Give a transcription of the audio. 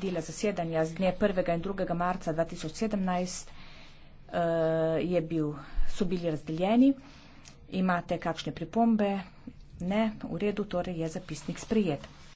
dela zasedanja z dne 1. in 2. marca 2017 uh, eh, bil, so bili razdeljeni. Imate kakšne pripombe? Ne, v redu, torej je zapisnik sprijet.